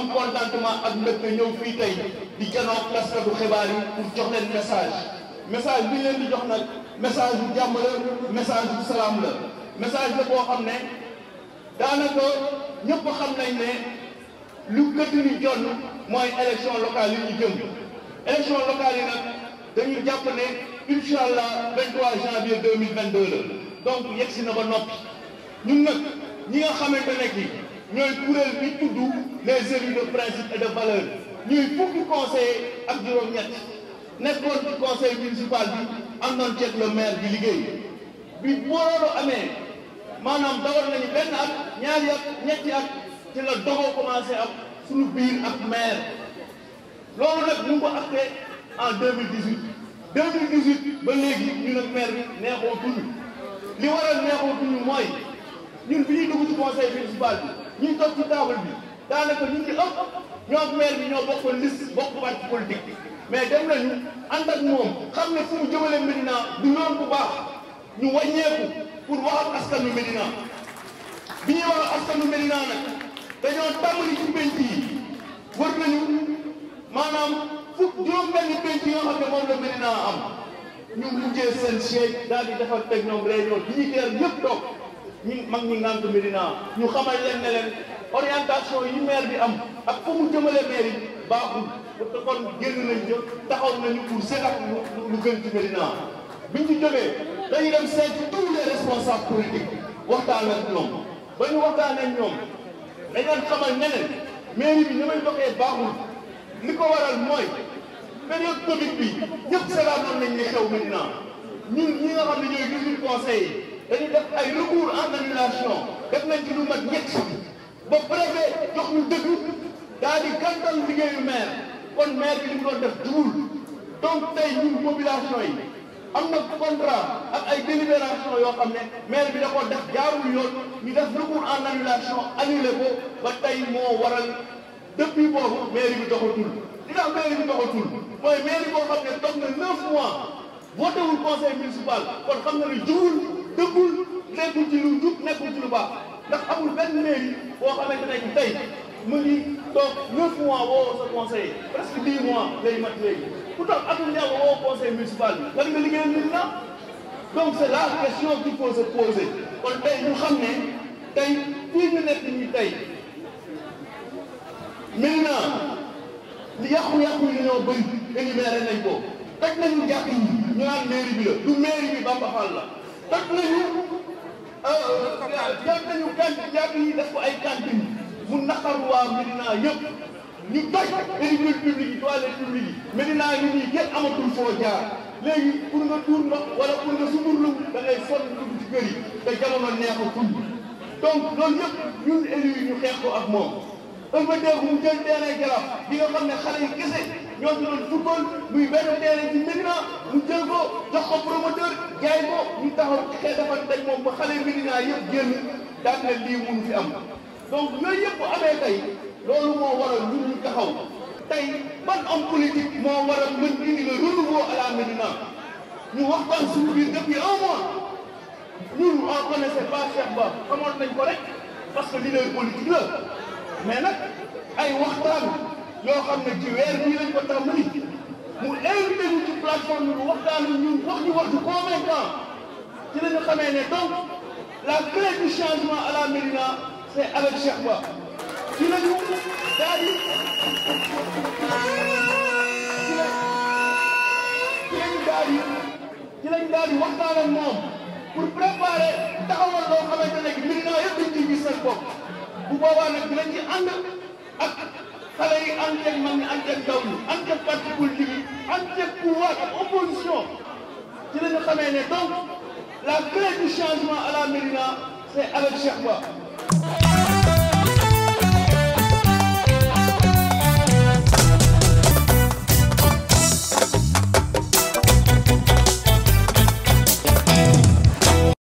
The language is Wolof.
am contentement ak mbégte ñëw fii tey di janoo taskatu xibaar yi pour jox leen message message bi leen di jox na message bu jàmm la message bu salaam la message la boo xam ne daanaka ñëpp xam nañ ne lu gëtt ni jonn mooy élection locale yi ñu jëm élection locale yi nag dañu jàpp ne incha allah 23 janvier 2022 la donc yegg na ba noppi ñun nag ñi nga xamante ne kii ñooy kuréel bi tudd les élus de principe et de valeur ñuy fukki conseillers ak juróom-ñett nekkoon ci conseil municipal bi am na ceeb le maire bi liggéey bi booloo amee maanaam dawal nañu benn at ñaari at ñetti at ci la dogoo commencé am suñu biir ak maire loolu nag ñu ngi ko acté en 2018 2018 ba léegi ñu ne maire bi neexoo tuñu li waral neexoo tuñu mooy ñun bi ñuy dugg conseil municipal bi. ñuy toog ci table bi daanaka ñu ngi ëpp ñoo maire bi ñoo bokkoon liste bokk parti politique mais dem nañu ànd ak moom xam na fu mu jëmale Médina du yoon bu baax ñu wàññeeku pour wax ak askanu Médina bi ñuy wax ak askanu Médina nag dañoo tàmbali ci penc yi wër nañu maanaam fukk juróom-benni penc yoo xam ne moom la Médina am ñu mujjee seen siège daal di defar teg ñoom réunion dignitaire yëpp toog ñi mag ñi ngànk Médina ñu xamal leen ne leen orientation ñu maire bi am ak fa mu jëmale maire yi baaxul te kon génn nañ jë taxaw nañu pour seetal lu gën ci Médina biñ ci jógee dañuy dem seet tous les responsables politiques waxtaan ak ñoom ba ñu waxtaan ak ñoom dañ leen xamal ne leen bi ni may doxee baaxul li ko waral mooy période Covid bi ñëpp seetaan nañ ne xew Médina ñun ñi nga xam ne ñooy 18 conseils dañu def ay condamnation def nañ ci lu mat ñett ba préfet jox ñu dëgg daal di gàntal liggéeyu maire kon maire bi li mu doon def jugul donc tey ñun population yi am na contrat ak ay délibération yoo xam ne maire bi da ko def jaarul yoon ñu def recours en annulation annulé ko ba tey moo waral depuis boobu maire bi doxatul li tax maire bi doxatul mooy maire boo xam ne toog na neuf mois voté wul conseil municipal kon xam na ne jugul dëggul nekkul ci lu jub nekkul ci lu baax ndax amul benn mairie boo xamante ne tey mu ngi toog 9 mois woo sa conseiller presque 10 mois lay mat léegi ku toog atum yàlla woo conseil municipal bi lan nga liggéeyal nit na donc c' est la question qu'il faut se poser kon tey ñu xam ne tey fii ñu nekk nii tey Médina li yàqu-yàqu yi ñoo bëri énuméré nañ ko toj nañu jàpp yi ñu naan mairie bi la du mairie bi Bamba Fall la toj nañu def nañu kant jàkk yi def ko ay cantine mu naqaru waa Medina yëpp ñu toj école publique yi toilette publique yi Medina yi nii kenn amatul foo jaar léegi pour nga tuur ndox wala pour nga suburlu da ngay sonn dugg ci kër yi te jamono neexatul donc loolu yëpp ñun élus yi ñu xeex moom ëlbateeku mu jël terrain Jaraaf bi nga xam ne xale yi kese ñoo ci doon football muy benn terrain ci Médina mu jël ko jox ko promoteur jaay ko ñu taxaw xee defar daj moom ba xale Médina yëpp génn daan na lii mun fi am donc yooyu yëpp amee tey loolu moo waral ñun ñu taxaw tey ban homme politique moo waral mën indi le renouveau à la Médina ñu waxtaan suñu biir depuis un mois ñun on connaissait pas Cheikh Ba xamoon nañ ko rek parce que leader politique la mais nag ay waxtaan yoo xam ne ci weer bii lañ ko tàmbali mu invité ñu ci plateforme bi waxtaan wi ñu wax ñu wax ñu convaincant ci la ñu xamee ne donc la ci la di ci la ci la ñu daal di ci la ñu daal di waxtaan ak moom pour préparer taxawal loo xamante ne Médina yëpp bu boobaa nag dinañ ci ànd ak xale yi ànd ceeg mag ñi ànd ceeg ndaw ñi parti politique yi ànd ceeg opposition ci la ñu xamee la clé du changement à la Médina c'est avec Cheikh Ba.